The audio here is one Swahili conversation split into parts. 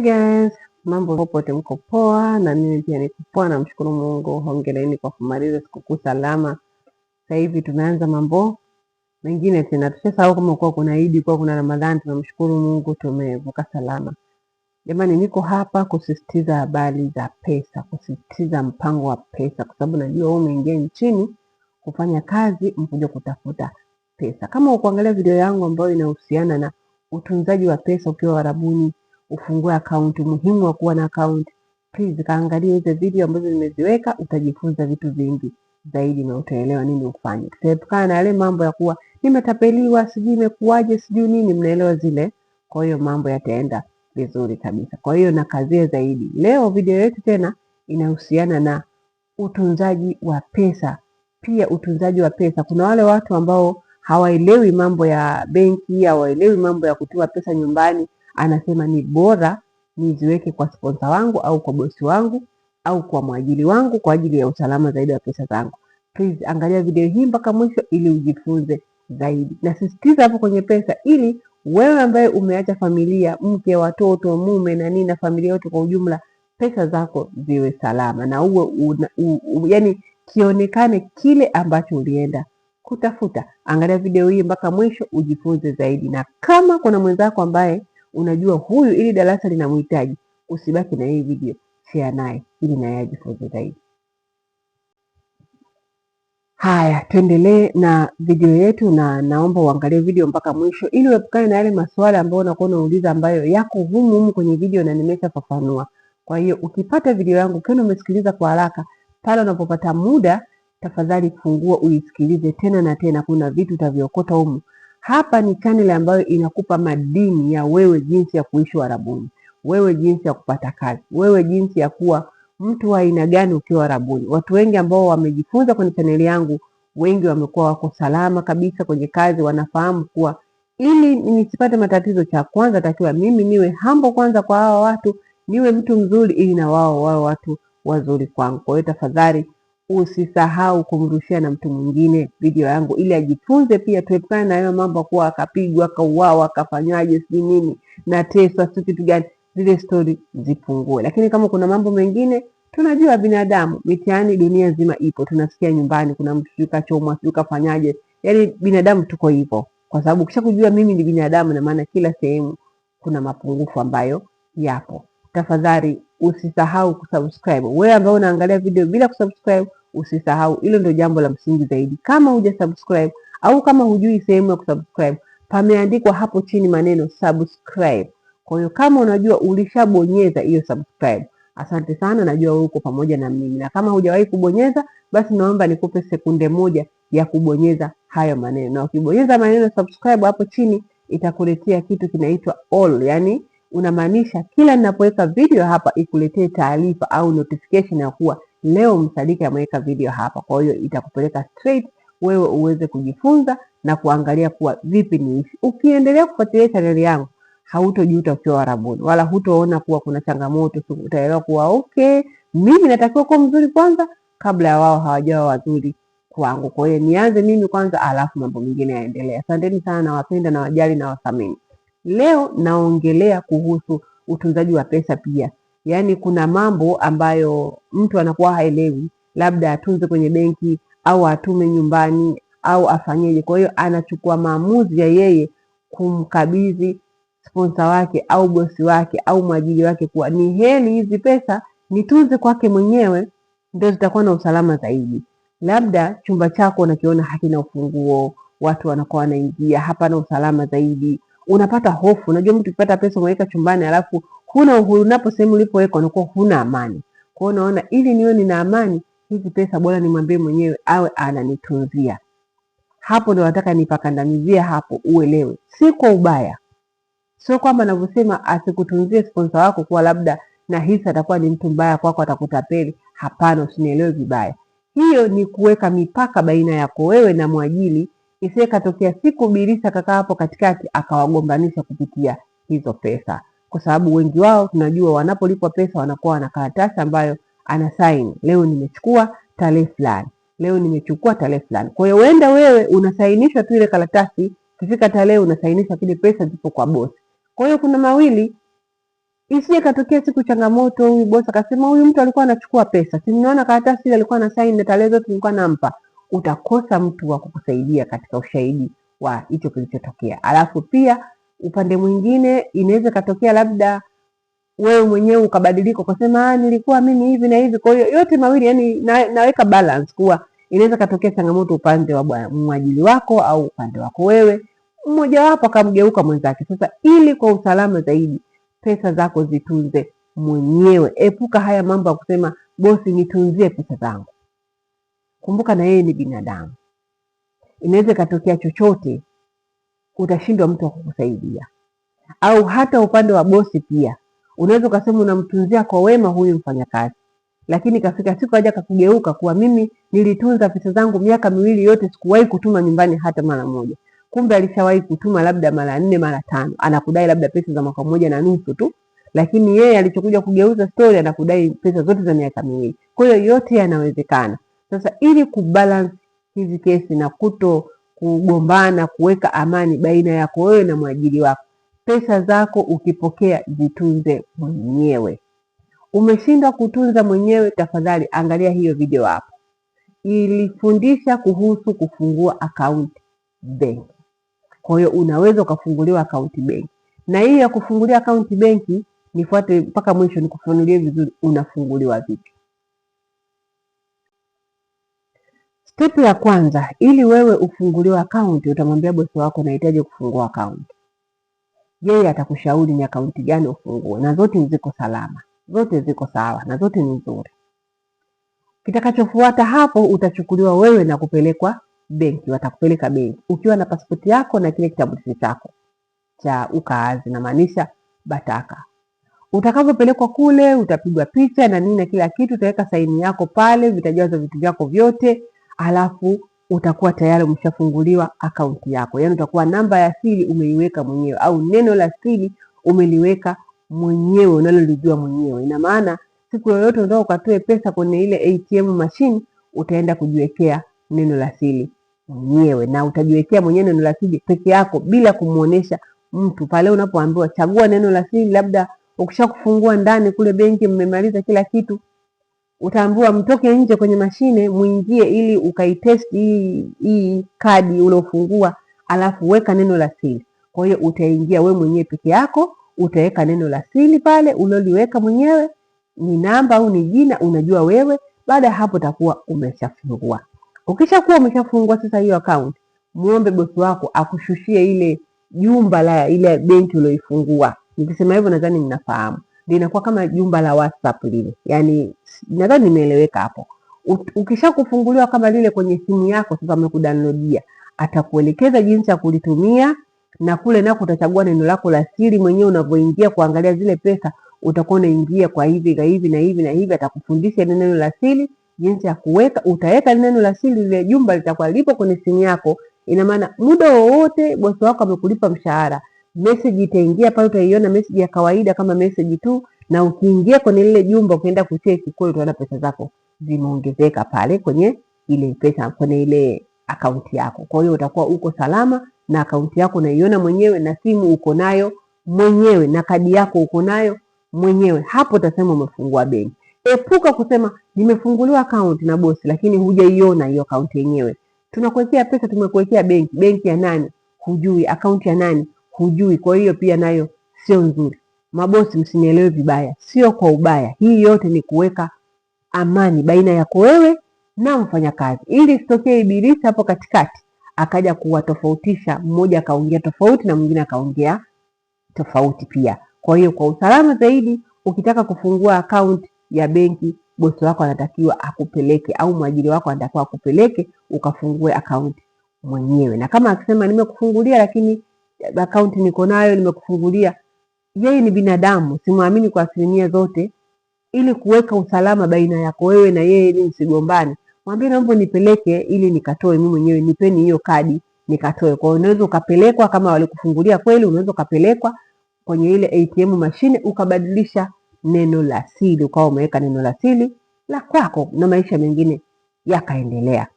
guys, mambo popote, mko poa? Na mimi pia niko poa, namshukuru Mungu. Hongereni kwa kumaliza sikukuu salama. Sasa hivi tumeanza mambo mengine tena, tushasahau kama kuwa kuna Idi, kuwa kuna Ramadhani. Tunamshukuru Mungu, tumevuka salama. Jamani, niko hapa kusisitiza habari za pesa, kusisitiza mpango wa pesa, kwa sababu najua wewe umeingia nchini kufanya kazi, mkuja kutafuta pesa. Kama ukuangalia video yangu ambayo inahusiana na utunzaji wa pesa ukiwa Uarabuni, ufungue akaunti. muhimu wa kuwa na akaunti, please kaangalie hizo video ambazo nimeziweka, utajifunza vitu vingi zaidi na utaelewa nini ufanye. Tutaepukana na yale mambo ya kuwa nimetapeliwa, sijui imekuwaje, sijui nini, mnaelewa zile. Kwa hiyo mambo yataenda vizuri kabisa. Kwa hiyo na kazie zaidi. Leo video yetu tena inahusiana na utunzaji wa pesa, pia utunzaji wa pesa. Kuna wale watu ambao hawaelewi mambo ya benki, hawaelewi mambo ya kutoa pesa nyumbani, anasema ni bora niziweke kwa sponsa wangu au kwa bosi wangu au kwa mwajili wangu kwa ajili ya usalama zaidi wa pesa zangu. Please angalia video hii mpaka mwisho ili ujifunze zaidi. Nasisitiza hapo kwenye pesa, ili wewe ambaye umeacha familia, mke, watoto, mume na nini na familia yote kwa ujumla, pesa zako ziwe salama na uwe una, u, u, yani kionekane kile ambacho ulienda kutafuta. Angalia video hii mpaka mwisho ujifunze zaidi, na kama kuna mwenzako ambaye unajua huyu ili darasa linamhitaji, usibaki na hii video, share naye ili naye ajifunze zaidi. Haya, tuendelee na video yetu, na naomba uangalie video mpaka mwisho ili uepukane na yale maswala ambayo unakuwa unauliza ambayo yako humu humu kwenye video na nimeshafafanua. Kwa hiyo ukipata video yangu kena umesikiliza kwa haraka, pale unapopata muda, tafadhali fungua uisikilize tena na tena, kuna vitu utaviokota humu hapa ni kanele ambayo inakupa madini ya wewe jinsi ya kuishi Uarabuni, wewe jinsi ya kupata kazi, wewe jinsi ya kuwa mtu wa aina gani ukiwa Uarabuni. Watu wengi ambao wamejifunza kwenye chaneli yangu, wengi wamekuwa wako salama kabisa kwenye kazi, wanafahamu kuwa ili nisipate matatizo, cha kwanza takiwa mimi niwe hambo kwanza kwa hawa watu, niwe mtu mzuri, ili na wao wawe watu wazuri kwangu. Kwa hiyo tafadhali usisahau kumrushia na mtu mwingine video yangu ili ajifunze pia, tuepukane na hayo mambo kuwa akapigwa, akauawa, akafanywaje, sijui nini, nateswa, si kitu gani, zile stori zipungue. Lakini kama kuna mambo mengine tunajua binadamu, mitiani dunia nzima ipo, tunasikia nyumbani, kuna mtu siu kachomwa, siu kafanyaje, yaani binadamu tuko hivo kwa sababu kisha kujua mimi ni binadamu, na maana kila sehemu kuna mapungufu ambayo yapo. Tafadhali usisahau kusubscribe, wewe ambao unaangalia video bila kusubscribe usisahau. Hilo ndio jambo la msingi zaidi. Kama huja subscribe au kama hujui sehemu ya kusubscribe, pameandikwa hapo chini maneno subscribe. Kwa hiyo kama unajua ulishabonyeza hiyo subscribe, asante sana, najua uko pamoja na mimi, na kama hujawahi kubonyeza, basi naomba nikupe sekunde moja ya kubonyeza hayo maneno, na ukibonyeza maneno subscribe hapo chini itakuletea kitu kinaitwa all, yani unamaanisha kila ninapoweka video hapa ikuletee taarifa au notification ya kuwa Leo Msadiki ameweka video hapa, kwa hiyo itakupeleka straight wewe uweze kujifunza na kuangalia kuwa vipi ni Ukiendelea kufuatilia chaneli yangu hautojuta ukiwa Uarabuni, wala hutoona kuwa kuna changamoto. Utaelewa kuwa okay, mimi natakiwa kuwa mzuri kwanza kabla ya wao hawajawa wazuri kwangu. Kwa hiyo nianze mimi kwanza, alafu mambo mengine yaendelee. Asanteni sana, nawapenda na wajali na Leo naongelea kuhusu utunzaji wa pesa pia Yaani kuna mambo ambayo mtu anakuwa haelewi, labda atunze kwenye benki au atume nyumbani au afanyeje. Kwa hiyo anachukua maamuzi ya yeye kumkabidhi sponsa wake au bosi wake au mwajili wake kuwa ni heli hizi pesa nitunze kwake mwenyewe, ndio zitakuwa na usalama zaidi. Labda chumba chako unakiona hakina ufunguo, watu wanakuwa wanaingia, hapana usalama zaidi, unapata hofu. Unajua, mtu ukipata pesa umeweka chumbani alafu huna uhuru napo sehemu ulipowekwa unakuwa huna amani. Kwa hiyo naona ili niwe nina amani, hizi pesa bora nimwambie mwenyewe awe ananitunzia. Hapo ndo nataka nipakandamizie hapo, uelewe, si kwa ubaya. Sio kwamba navyosema asikutunzie sponsa wako kuwa labda na hisi atakuwa ni mtu mbaya kwako, atakutapeli. Hapana, usinielewe vibaya. Hiyo ni kuweka mipaka baina yako wewe na mwajili, isiwe katokea siku bilisa kakaa hapo katikati akawagombanisha kupitia hizo pesa kwa sababu wengi wao tunajua wanapolipwa pesa wanakuwa na karatasi ambayo ana sign leo nimechukua tarehe fulani, leo nimechukua tarehe fulani. Kwa hiyo uenda wewe unasainisha tu ile karatasi, kifika tarehe unasainisha kile pesa zipo kwa bosi. Kwa hiyo kuna mawili, isije katokea siku changamoto, huyu bosi akasema huyu mtu alikuwa anachukua pesa, si mnaona karatasi ile alikuwa na sign na tarehe zote nilikuwa nampa. Utakosa mtu wa kukusaidia katika ushahidi wa hicho kilichotokea, alafu pia Upande mwingine inaweza ikatokea labda wewe mwenyewe ukabadilika ukasema, ah, nilikuwa mimi hivi na hivi. Kwa hiyo yote mawili yani na, naweka balance kuwa inaweza katokea changamoto upande wa mwajili wako au upande wako wewe, mmojawapo akamgeuka mwenzake. Sasa ili kwa usalama zaidi, pesa zako zitunze mwenyewe. Epuka haya mambo ya kusema bosi, nitunzie pesa zangu. Kumbuka na yeye ni binadamu, inaweza ikatokea chochote utashindwa mtu wa kukusaidia. Au hata upande wa bosi pia unaweza ukasema unamtunzia kwa wema huyu mfanyakazi, lakini kafika siku aja kakugeuka kuwa mimi nilitunza pesa zangu miaka miwili yote, sikuwahi kutuma nyumbani hata mara moja. Kumbe alishawahi kutuma labda mara nne mara tano, anakudai labda pesa za mwaka mmoja na nusu tu, lakini yeye alichokuja kugeuza stori anakudai pesa zote za miaka miwili. Kwa hiyo yote yanawezekana. Sasa ili kubalance hizi kesi na kuto kugombana, kuweka amani baina yako wewe na mwajiri wako. Pesa zako ukipokea, zitunze mwenyewe. Umeshindwa kutunza mwenyewe, tafadhali angalia hiyo video hapo, ilifundisha kuhusu kufungua akaunti benki. Kwa hiyo unaweza ukafunguliwa akaunti benki, na hii ya kufungulia akaunti benki, nifuate mpaka mwisho nikufunulie vizuri, unafunguliwa vipi. Step ya kwanza, ili wewe ufunguliwe akaunti, utamwambia bosi wako unahitaji kufungua akaunti. Yeye atakushauri ni akaunti gani ufungue, na zote ziko salama, zote ziko sawa, na zote ni nzuri. Kitakachofuata hapo, utachukuliwa wewe na kupelekwa benki, watakupeleka benki ukiwa na pasipoti yako na kile kitambulisho chako cha ukaazi, namaanisha Bataka. Utakavyopelekwa kule, utapigwa picha na nini na kila kitu, utaweka saini yako pale, vitajazwa vitu vyako vyote alafu utakuwa tayari umeshafunguliwa akaunti yako, yaani utakuwa namba ya siri umeiweka mwenyewe au neno la siri umeliweka mwenyewe unalolijua mwenyewe. Ina maana siku yoyote unataka ukatoe pesa kwenye ile ATM machine utaenda kujiwekea neno la siri mwenyewe, na utajiwekea mwenyewe neno la siri peke yako bila kumuonesha mtu. Pale unapoambiwa chagua neno la siri, labda ukisha kufungua ndani kule benki mmemaliza kila kitu, utaambiwa mtoke nje kwenye mashine mwingie ili ukaitest hii hii kadi uliofungua, alafu weka neno la siri. Kwa hiyo utaingia we mwenyewe peke yako, utaweka neno la siri pale ulioliweka mwenyewe, ni namba au ni jina, unajua wewe. Baada ya hapo utakuwa umeshafungua. Ukishakuwa umeshafungua sasa hiyo akaunti, muombe bosi wako akushushie ile jumba la ile benki ulioifungua. Nikisema hivyo nadhani mnafahamu linakuwa kama jumba la WhatsApp lile, yaani nadhani nimeeleweka hapo. Ukisha kufunguliwa kama lile kwenye simu yako, sasa amekudownloadia, atakuelekeza jinsi ya kulitumia na kule nako utachagua neno lako la siri mwenyewe. Unavyoingia kuangalia zile pesa, utakuwa unaingia kwa hivi na hivi na hivi na hivi, atakufundisha neno la siri jinsi ya kuweka. Utaweka neno la siri, lile jumba litakuwa lipo kwenye simu yako. Ina maana muda wowote bosi wako amekulipa mshahara, message itaingia pale, utaiona message ya kawaida kama message tu, na ukiingia kwenye lile jumba ukienda kucheki kule, utaona pesa zako zimeongezeka pale kwenye ile pesa, kwenye ile akaunti yako. Kwa hiyo utakuwa uko salama na akaunti yako unaiona mwenyewe, na simu uko nayo mwenyewe, na kadi yako uko nayo mwenyewe. Hapo utasema umefungua benki. Epuka kusema nimefunguliwa akaunti na bosi, lakini hujaiona hiyo akaunti yenyewe. Tunakuwekea pesa, tumekuwekea benki. Benki ya nani? Hujui akaunti ya nani? hujui. Kwa hiyo pia nayo sio nzuri. Mabosi, msinielewe vibaya, sio kwa ubaya. Hii yote ni kuweka amani baina yako wewe na mfanyakazi, ili isitokee ibilisi hapo katikati akaja kuwatofautisha, mmoja akaongea tofauti na mwingine akaongea tofauti pia. Kwa hiyo kwa usalama zaidi, ukitaka kufungua akaunti ya benki, bosi wako anatakiwa akupeleke, au mwajiri wako anatakiwa akupeleke ukafungue akaunti mwenyewe, na kama akisema nimekufungulia, lakini akaunti niko nayo, nimekufungulia. Yeye ni binadamu, simwamini kwa asilimia zote. Ili kuweka usalama baina yako wewe na yeye, ili msigombane, mwambie naomba nipeleke ili nikatoe mimi mwenyewe, nipeni hiyo kadi nikatoe. Kwa hiyo unaweza ukapelekwa, kama walikufungulia kweli, unaweza ukapelekwa kwenye ile ATM mashine ukabadilisha neno la siri, ukawa umeweka neno la siri la kwako, na maisha mengine yakaendelea.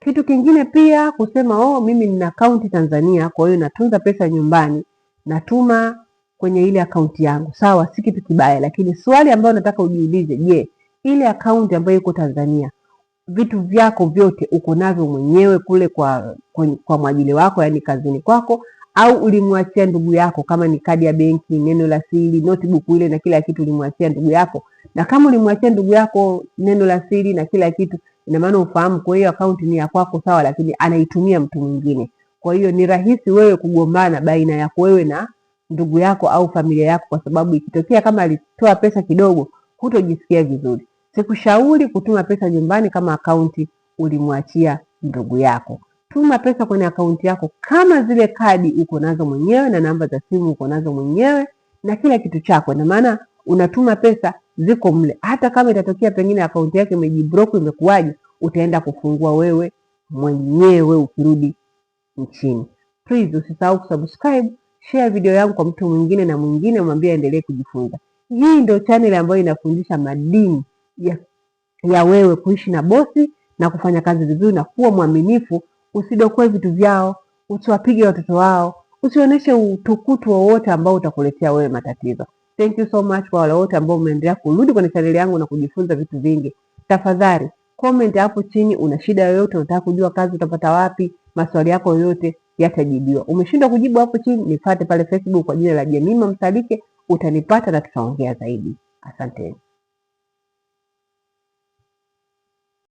Kitu kingine pia kusema oh, mimi nina akaunti Tanzania, kwa hiyo natunza pesa nyumbani, natuma kwenye ile akaunti yangu, sawa, si kitu kibaya. Lakini swali ambayo nataka ujiulize, je, ile akaunti ambayo iko Tanzania, vitu vyako vyote uko navyo mwenyewe kule kwa, kwa mwajili wako, yani kazini kwako, au ulimwachia ndugu yako? Kama ni kadi ya benki, neno la siri, notebook ile na kila kitu ulimwachia ndugu yako? Na kama ulimwachia ndugu yako neno la siri na kila kitu ina maana ufahamu. Kwa hiyo akaunti ni ya kwako, sawa, lakini anaitumia mtu mwingine. Kwa hiyo ni rahisi wewe kugombana baina yako wewe na ndugu yako au familia yako, kwa sababu ikitokea kama alitoa pesa kidogo, hutojisikia vizuri. Sikushauri kutuma pesa nyumbani kama akaunti ulimwachia ndugu yako. Tuma pesa kwenye akaunti yako kama zile kadi uko nazo mwenyewe na namba za simu uko nazo mwenyewe na kila kitu chako, na maana unatuma pesa ziko mle, hata kama itatokea pengine akaunti yake imejibroke imekuwaje, utaenda kufungua wewe mwenyewe ukirudi nchini. Please usisahau kusubscribe, share video yangu kwa mtu mwingine na mwingine, mwambie aendelee kujifunza. Hii ndio channel ambayo inafundisha madini ya, ya wewe kuishi na bosi na kufanya kazi vizuri na kuwa mwaminifu. Usidokoe vitu vyao, usiwapige watoto wao, usionyeshe utukutu wowote ambao utakuletea wewe matatizo. Thank you so much kwa wale wote ambao umeendelea kurudi kwenye chaneli yangu na kujifunza vitu vingi. Tafadhali comment hapo chini, una shida yoyote, unataka kujua kazi utapata wapi, maswali yako yoyote yatajibiwa. Umeshindwa kujibu hapo chini, nifate pale Facebook kwa jina la Jemima Msalike, utanipata na tutaongea zaidi. Asanteni.